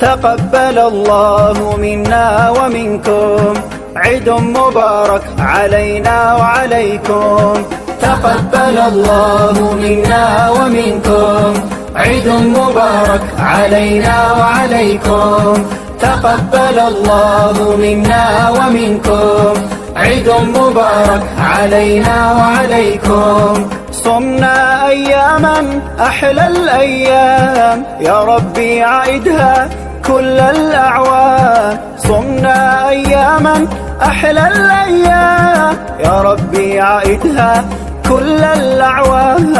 تقبل الله منا ومنكم عيد مبارك علينا وعليكم تقبل الله منا ومنكم عيد مبارك علينا وعليكم تقبل الله منا ومنكم عيد مبارك علينا وعليكم صمنا أياما أحلى الأيام يا ربي عيدها كل الأعوام صمنا أياما أحلى الأيام يا ربي عائدها كل الأعوام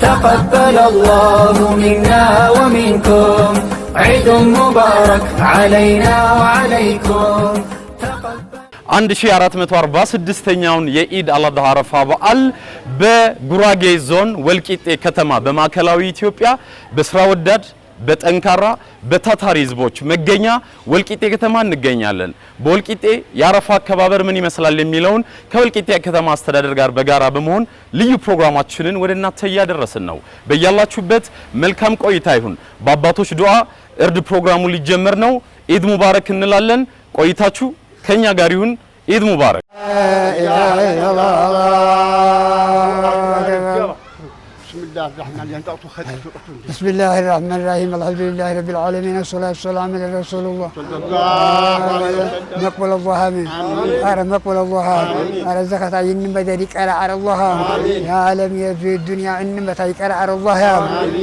تقبل الله منا ومنكم عيد مبارك علينا وعليكم يأيد ኛውን የኢድ فابا አረፋ በዓል በጉራጌ ዞን ወልቂጤ ከተማ በማዕከላዊ ኢትዮጵያ በስራ ወዳድ በጠንካራ በታታሪ ህዝቦች መገኛ ወልቂጤ ከተማ እንገኛለን። በወልቂጤ የአረፋ አከባበር ምን ይመስላል የሚለውን ከወልቂጤ ከተማ አስተዳደር ጋር በጋራ በመሆን ልዩ ፕሮግራማችንን ወደ እናንተ እያደረስን ነው። በያላችሁበት መልካም ቆይታ ይሁን። በአባቶች ዱዓ እርድ ፕሮግራሙ ሊጀመር ነው። ኢድ ሙባረክ እንላለን። ቆይታችሁ ከኛ ጋር ይሁን። ኢድ ሙባረክ። بسم الله الرحمن الرحيم الحمد لله رب العالمين والصلاة والسلام على رسول الله مقبل الله من أرى مقبل الله أرى زكاة عين بدرك أرى على الله يا عالم يا في الدنيا عين بدرك أرى على الله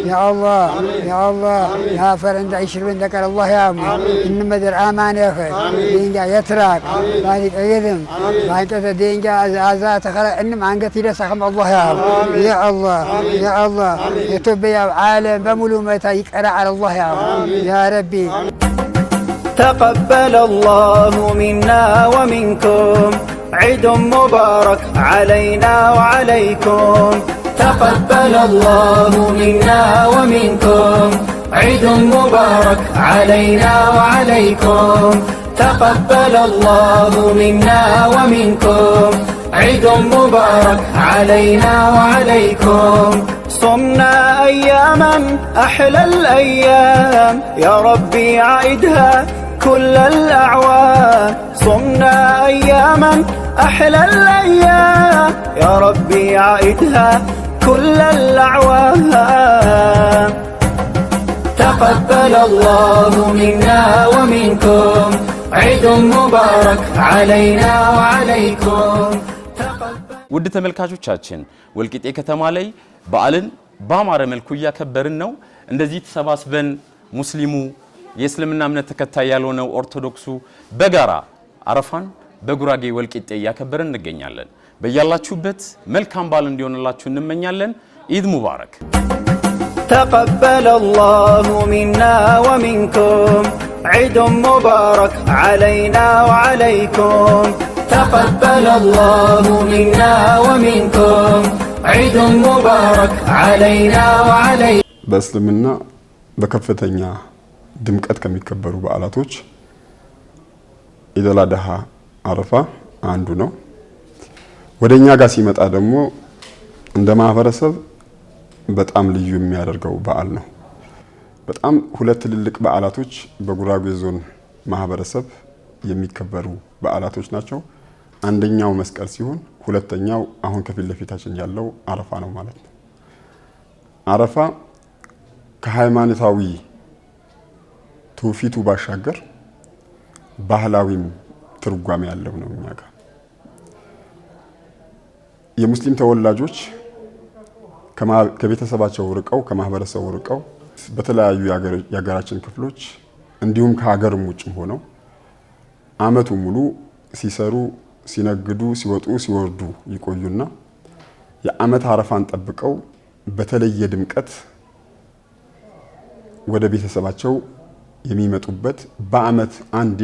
يا الله يا الله يا فرند عشر من ذكر الله يا إن مدر آمان يا أخي دينجا يترك بعدك أيدم بعدك دينجا أزات خلا إنما عنك تيرا سخم الله يا الله يا الله يا عالم በሙሉ መታ على الله يا رب يا ربي تقبل الله منا ومنكم عيد مبارك علينا وعليكم تقبل الله منا ومنكم عيد مبارك علينا وعليكم تقبل الله منا ومنكم عيد مبارك علينا وعليكم صمنا أياما أحلى الأيام يا ربي عيدها كل الأعوام صمنا أياما أحلى الأيام يا ربي عيدها كل الأعوام تقبل الله منا ومنكم عيد مبارك علينا وعليكم ውድ ተመልካቾቻችን ወልቂጤ ከተማ ላይ በዓልን በአማረ መልኩ እያከበርን ነው። እንደዚህ ተሰባስበን ሙስሊሙ፣ የእስልምና እምነት ተከታይ ያልሆነው ኦርቶዶክሱ በጋራ አረፋን በጉራጌ ወልቂጤ እያከበርን እንገኛለን። በያላችሁበት መልካም በዓል እንዲሆንላችሁ እንመኛለን። ኢድ ሙባረክ። ተቀበለ አላሁ ሚና ወሚንኩም ዒድ ሙባረክ ዓለይና ወዓለይኩም تقبل الله منا ومنكم ዒድ ሙባረክ ዓለይና ወዓለይ በእስልምና በከፍተኛ ድምቀት ከሚከበሩ በዓላቶች ኢደል ደሃ አረፋ አንዱ ነው። ወደ እኛ ጋር ሲመጣ ደግሞ እንደ ማህበረሰብ በጣም ልዩ የሚያደርገው በዓል ነው። በጣም ሁለት ትልልቅ በዓላቶች በጉራጌ ዞን ማህበረሰብ የሚከበሩ በዓላቶች ናቸው። አንደኛው መስቀል ሲሆን ሁለተኛው አሁን ከፊት ለፊታችን ያለው አረፋ ነው ማለት ነው። አረፋ ከሃይማኖታዊ ትውፊቱ ባሻገር ባህላዊም ትርጓሜ ያለው ነው። እኛ ጋር የሙስሊም ተወላጆች ከቤተሰባቸው ርቀው ከማህበረሰቡ ርቀው በተለያዩ የሀገራችን ክፍሎች እንዲሁም ከሀገርም ውጭ ሆነው አመቱ ሙሉ ሲሰሩ ሲነግዱ ሲወጡ ሲወርዱ ይቆዩና የዓመት አረፋን ጠብቀው በተለየ ድምቀት ወደ ቤተሰባቸው የሚመጡበት በዓመት አንዴ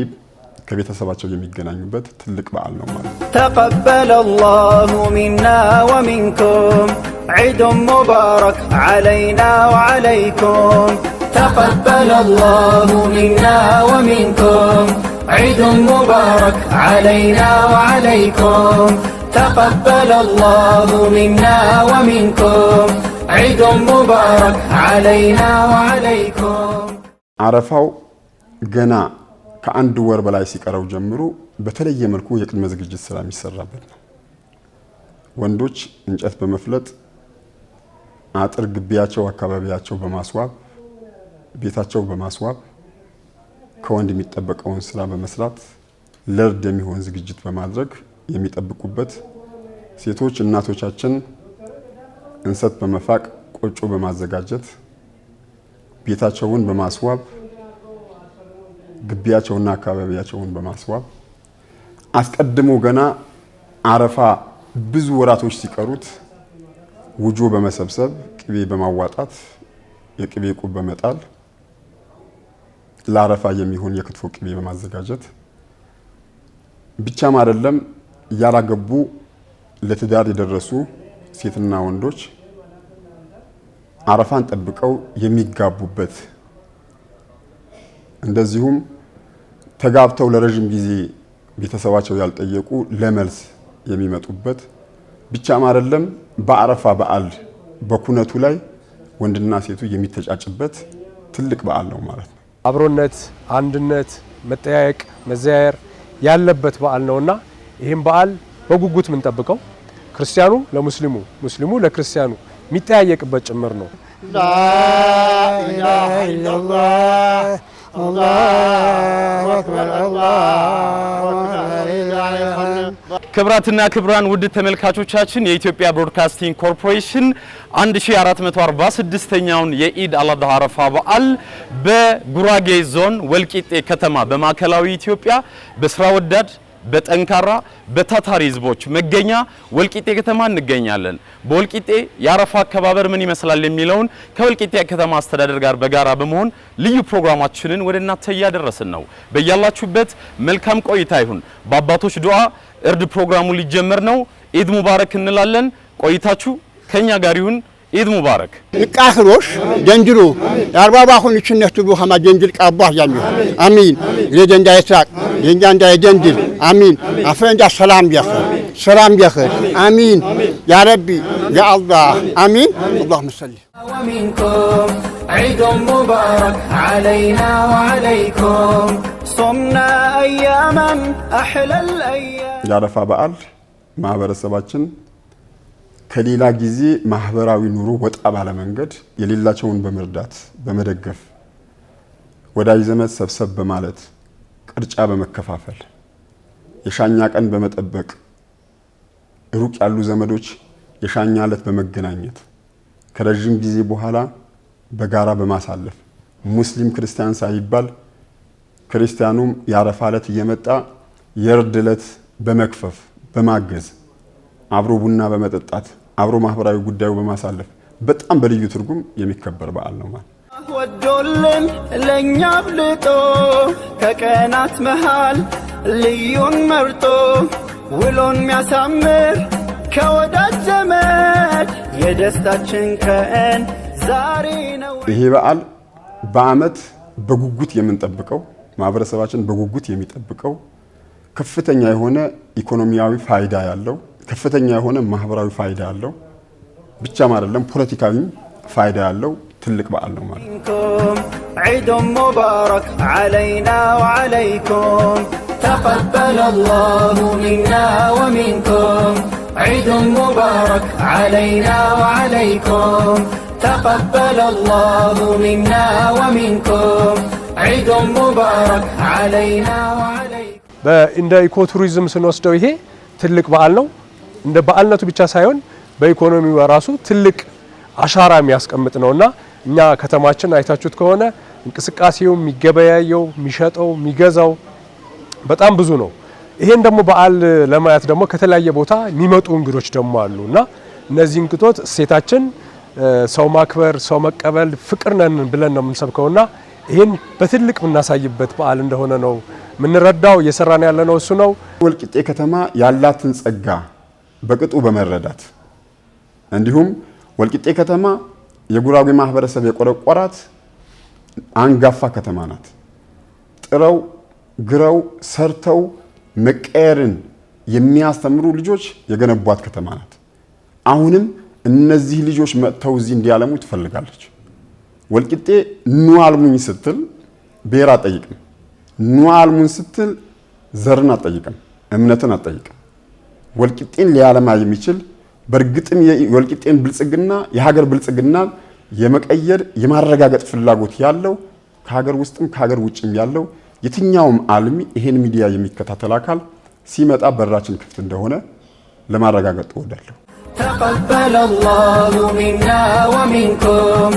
ከቤተሰባቸው የሚገናኙበት ትልቅ በዓል ነው ማለት ነው። ተቀበለ አላሁ ሚና ወሚንኩም ዒዱን ሙባረክ ዓለይና ወዓለይኩም ተቀበለ አላሁ ሚና ወሚንኩም عيد مبارك علينا وعليكم تقبل الله منا ومنكم عيد مبارك علينا وعليكم አረፋው ገና ከአንድ ወር በላይ ሲቀረው ጀምሮ በተለየ መልኩ የቅድመ ዝግጅት ስራ የሚሰራበት ነው። ወንዶች እንጨት በመፍለጥ አጥር ግቢያቸው፣ አካባቢያቸው በማስዋብ ቤታቸው በማስዋብ ከወንድ የሚጠበቀውን ስራ በመስራት ለእርድ የሚሆን ዝግጅት በማድረግ የሚጠብቁበት ሴቶች እናቶቻችን እንሰት በመፋቅ ቆጮ በማዘጋጀት ቤታቸውን በማስዋብ ግቢያቸውና አካባቢያቸውን በማስዋብ አስቀድሞ ገና አረፋ ብዙ ወራቶች ሲቀሩት ውጆ በመሰብሰብ ቅቤ በማዋጣት የቅቤ ቁብ በመጣል ለአረፋ የሚሆን የክትፎ ቅቤ በማዘጋጀት ብቻም አይደለም ያላገቡ ለትዳር የደረሱ ሴትና ወንዶች አረፋን ጠብቀው የሚጋቡበት እንደዚሁም ተጋብተው ለረዥም ጊዜ ቤተሰባቸው ያልጠየቁ ለመልስ የሚመጡበት ብቻም አይደለም በአረፋ በዓል በኩነቱ ላይ ወንድና ሴቱ የሚተጫጭበት ትልቅ በዓል ነው ማለት ነው። አብሮነት፣ አንድነት፣ መጠያየቅ፣ መዘያየር ያለበት በዓል ነውና ይህም በዓል በጉጉት የምንጠብቀው ክርስቲያኑ ለሙስሊሙ ሙስሊሙ ለክርስቲያኑ የሚጠያየቅበት ጭምር ነው። ክብራትና ክብራን ውድ ተመልካቾቻችን የኢትዮጵያ ብሮድካስቲንግ ኮርፖሬሽን 1446ኛውን የኢድ አላዳ አረፋ በዓል በጉራጌ ዞን ወልቂጤ ከተማ በማዕከላዊ ኢትዮጵያ በስራ ወዳድ በጠንካራ በታታሪ ህዝቦች መገኛ ወልቂጤ ከተማ እንገኛለን። በወልቂጤ የአረፋ አከባበር ምን ይመስላል የሚለውን ከወልቂጤ ከተማ አስተዳደር ጋር በጋራ በመሆን ልዩ ፕሮግራማችንን ወደ እናንተ እያደረስን ነው። በያላችሁበት መልካም ቆይታ ይሁን። በአባቶች ዱዓ እርድ ፕሮግራሙ ሊጀመር ነው። ኢድ ሙባረክ እንላለን። ቆይታችሁ ከኛ ጋር ይሁን። ኢድ ሙባረክ ይቃህሮሽ ደንድሩ የአርባባሁን እችነት ብሉ ኸማ ደንድር ቃቧህ ያሚሁ አሚን ለደንዳ ይስራቅ የእኛ እንዳ የደንድር አሚን አፈንዳ ሰላም ያኽር ሰላም ያኽር አሚን ያ ረቢ ያ አላህ አሚን አላሁመ ሰሊ ومنكم عيد مبارك علينا وعليكم صمنا أياما أحلى الأيام የአረፋ በዓል ማህበረሰባችን ከሌላ ጊዜ ማህበራዊ ኑሮ ወጣ ባለመንገድ የሌላቸውን በመርዳት በመደገፍ ወዳጅ ዘመድ ሰብሰብ በማለት ቅርጫ በመከፋፈል የሻኛ ቀን በመጠበቅ ሩቅ ያሉ ዘመዶች የሻኛ ዕለት በመገናኘት ከረዥም ጊዜ በኋላ በጋራ በማሳለፍ ሙስሊም ክርስቲያን ሳይባል ክርስቲያኑም የአረፋ ዕለት እየመጣ የእርድ ዕለት በመክፈፍ በማገዝ አብሮ ቡና በመጠጣት አብሮ ማህበራዊ ጉዳዩ በማሳለፍ በጣም በልዩ ትርጉም የሚከበር በዓል ነው ማለት ወዶልን ለእኛ አብልጦ ከቀናት መሃል ልዩን መርጦ ውሎን የሚያሳምር ከወዳጅ ዘመድ የደስታችን ቀን ዛሬ ነው። ይሄ በዓል በዓመት በጉጉት የምንጠብቀው ማህበረሰባችን በጉጉት የሚጠብቀው ከፍተኛ የሆነ ኢኮኖሚያዊ ፋይዳ ያለው ከፍተኛ የሆነ ማህበራዊ ፋይዳ አለው። ብቻም አይደለም ፖለቲካዊም ፋይዳ ያለው ትልቅ በዓል ነው ማለት ነው። ዒዱን ሙባረክ ዓለይና ወዓለይኩም ተቀበለ አላሁ ሚና ወሚንኩም ዒዱን ሙባረክ ዓለይና ወዓለይኩም ተቀበለ አላሁ ሚና ወሚንኩም ዒዱን ሙባረክ ዓለይና ወዓለይኩም በእንደ ኢኮቱሪዝም ስንወስደው ይሄ ትልቅ በዓል ነው። እንደ በዓልነቱ ብቻ ሳይሆን በኢኮኖሚው ራሱ ትልቅ አሻራ የሚያስቀምጥ ነውና እኛ ከተማችን አይታችሁት ከሆነ እንቅስቃሴው የሚገበያየው፣ የሚሸጠው፣ የሚገዛው በጣም ብዙ ነው። ይሄን ደግሞ በዓል ለማየት ደግሞ ከተለያየ ቦታ የሚመጡ እንግዶች ደግሞ አሉ እና እነዚህ እንግዶች እሴታችን ሰው ማክበር፣ ሰው መቀበል፣ ፍቅር ነን ብለን ነው የምንሰብከውና ይህን በትልቅ የምናሳይበት በዓል እንደሆነ ነው የምንረዳው። እየሰራን ያለነው እሱ ነው። ወልቂጤ ከተማ ያላትን ጸጋ በቅጡ በመረዳት እንዲሁም ወልቂጤ ከተማ የጉራጌ ማህበረሰብ የቆረቆራት አንጋፋ ከተማ ናት። ጥረው ግረው ሰርተው መቀየርን የሚያስተምሩ ልጆች የገነቧት ከተማ ናት። አሁንም እነዚህ ልጆች መጥተው እዚህ እንዲያለሙ ትፈልጋለች። ወልቂጤ ኑ አልሙኝ ስትል ብሔር አጠይቅም። ኑ አልሙኝ ስትል ዘርን አጠይቅም፣ እምነትን አጠይቅም። ወልቂጤን ሊያለማ የሚችል በእርግጥም የወልቂጤን ብልጽግና የሀገር ብልጽግና የመቀየር የማረጋገጥ ፍላጎት ያለው ከሀገር ውስጥም ከሀገር ውጭም ያለው የትኛውም አልሚ ይሄን ሚዲያ የሚከታተል አካል ሲመጣ በራችን ክፍት እንደሆነ ለማረጋገጥ እወዳለሁ። تقبل الله منا ومنكم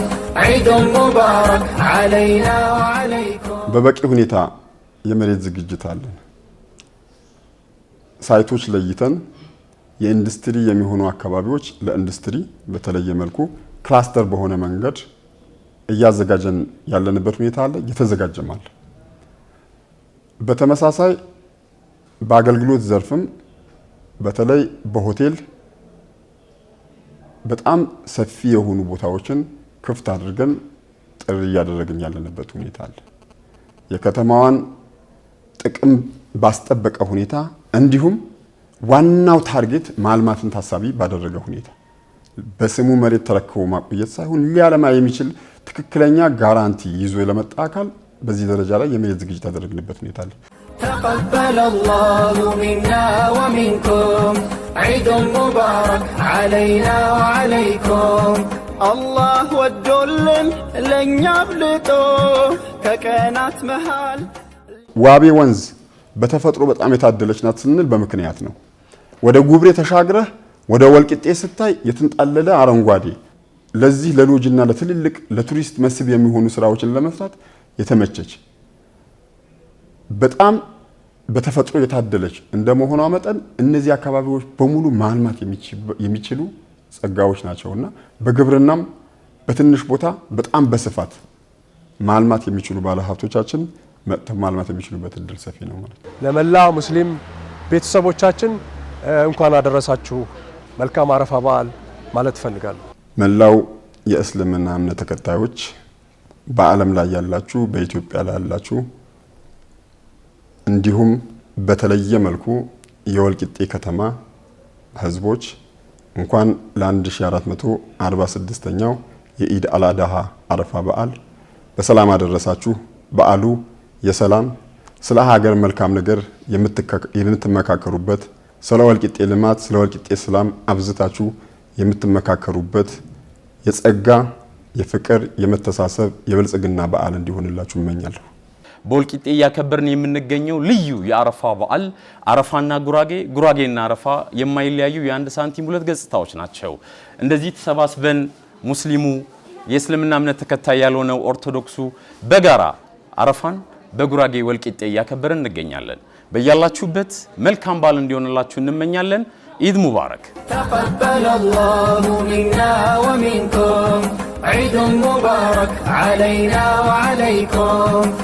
عيد مبارك علينا وعليكم በበቂ ሁኔታ የመሬት ዝግጅት አለን። ሳይቶች ለይተን የኢንዱስትሪ የሚሆኑ አካባቢዎች ለኢንዱስትሪ በተለየ መልኩ ክላስተር በሆነ መንገድ እያዘጋጀን ያለንበት ሁኔታ አለ፣ እየተዘጋጀም አለ። በተመሳሳይ በአገልግሎት ዘርፍም በተለይ በሆቴል በጣም ሰፊ የሆኑ ቦታዎችን ክፍት አድርገን ጥሪ እያደረግን ያለንበት ሁኔታ አለ። የከተማዋን ጥቅም ባስጠበቀ ሁኔታ እንዲሁም ዋናው ታርጌት ማልማትን ታሳቢ ባደረገ ሁኔታ በስሙ መሬት ተረክቦ ማቆየት ሳይሆን ሊያለማ የሚችል ትክክለኛ ጋራንቲ ይዞ ለመጣ አካል በዚህ ደረጃ ላይ የመሬት ዝግጅት ያደረግንበት ሁኔታ አለ። ተቀበለ አላሁ ሚና ወሚንኩም ሙባረክ ዓለይና ወዓለይኩም። አላህ ወዶልን ለእኛ አብልጦ ከቀናት መሃል ዋቤ ወንዝ በተፈጥሮ በጣም የታደለች ናት ስንል በምክንያት ነው። ወደ ጉብሬ ተሻግረህ ወደ ወልቂጤ ስታይ የተንጣለለ አረንጓዴ ለዚህ ለሎጅና ለትልልቅ ለቱሪስት መስህብ የሚሆኑ ስራዎችን ለመስራት የተመቸች በጣም በተፈጥሮ የታደለች እንደመሆኗ መጠን እነዚህ አካባቢዎች በሙሉ ማልማት የሚችሉ ጸጋዎች ናቸውና በግብርናም በትንሽ ቦታ በጣም በስፋት ማልማት የሚችሉ ባለሀብቶቻችን መጥተው ማልማት የሚችሉበት እድል ሰፊ ነው ማለት ነው። ለመላ ሙስሊም ቤተሰቦቻችን እንኳን አደረሳችሁ መልካም አረፋ በዓል ማለት እፈልጋለሁ። መላው የእስልምና እምነት ተከታዮች በዓለም ላይ ያላችሁ፣ በኢትዮጵያ ላይ ያላችሁ እንዲሁም በተለየ መልኩ የወልቂጤ ከተማ ህዝቦች እንኳን ለ1446ኛው የኢድ አላዳሃ አረፋ በዓል በሰላም አደረሳችሁ። በዓሉ የሰላም ስለ ሀገር መልካም ነገር የምትመካከሩበት፣ ስለ ወልቂጤ ልማት፣ ስለ ወልቂጤ ሰላም አብዝታችሁ የምትመካከሩበት የጸጋ የፍቅር፣ የመተሳሰብ፣ የብልጽግና በዓል እንዲሆንላችሁ እመኛለሁ። በወልቂጤ እያከበርን የምንገኘው ልዩ የአረፋ በዓል አረፋና ጉራጌ ጉራጌና አረፋ የማይለያዩ የአንድ ሳንቲም ሁለት ገጽታዎች ናቸው። እንደዚህ ተሰባስበን ሙስሊሙ፣ የእስልምና እምነት ተከታይ ያልሆነው ኦርቶዶክሱ በጋራ አረፋን በጉራጌ ወልቂጤ እያከበርን እንገኛለን። በያላችሁበት መልካም በዓል እንዲሆንላችሁ እንመኛለን። ኢድ ሙባረክ። ተቀበለ አላሁ ሚና ወሚንኩም ዒድ ሙባረክ ዓለይና ወዓለይኩም